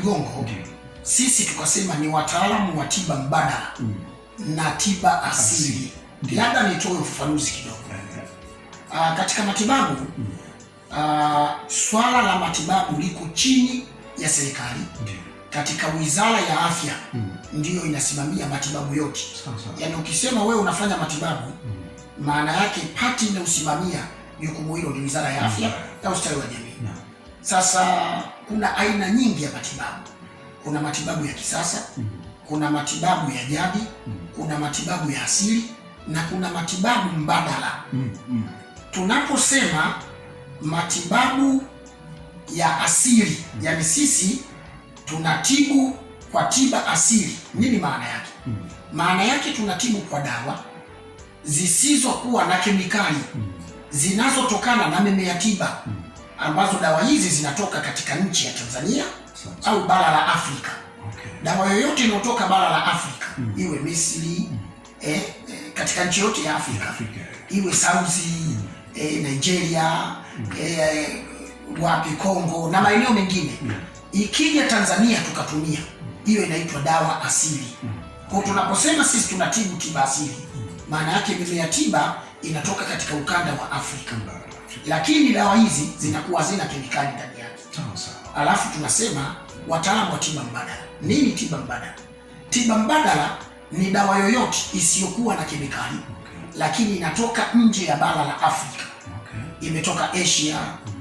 migongo okay. sisi tukasema ni wataalamu wa tiba mbadala mm. na tiba asili. Labda nitoe ufafanuzi kidogo yeah. Eh, eh. katika matibabu mm. uh, swala la matibabu liko chini ya serikali yeah. Katika wizara ya afya mm. ndiyo inasimamia matibabu yote. Yaani ukisema wewe unafanya matibabu mm. maana yake pati inayosimamia jukumu hilo ni wizara ya mm. afya na ustawi wa jamii. Sasa kuna aina nyingi ya matibabu. Kuna matibabu ya kisasa, mm-hmm. kuna matibabu ya jadi, mm-hmm. kuna matibabu ya asili na kuna matibabu mbadala. Mm-hmm. Tunaposema matibabu ya asili, yani sisi tunatibu kwa tiba asili. Nini maana yake? Maana yake tunatibu kwa dawa zisizokuwa na kemikali zinazotokana na mimea tiba ambazo dawa hizi zinatoka katika nchi ya Tanzania au bara la Afrika. Okay. Dawa yoyote inayotoka bara la Afrika mm. iwe Misri mm. eh, katika nchi yote ya Afrika, Afrika. iwe Saudi mm. eh, Nigeria mm. eh, wapi Kongo na maeneo mengine mm. ikija Tanzania tukatumia hiyo mm. inaitwa dawa asili mm. kwa tunaposema sisi tunatibu tiba asili maana yake mimea tiba inatoka katika ukanda wa Afrika, lakini dawa hizi zinakuwa zina kemikali ndani yake. Alafu tunasema wataalamu wa tiba mbadala. Nini tiba mbadala? Tiba mbadala ni dawa yoyote isiyokuwa na kemikali, okay, lakini inatoka nje ya bara la Afrika, okay, imetoka Asia mm.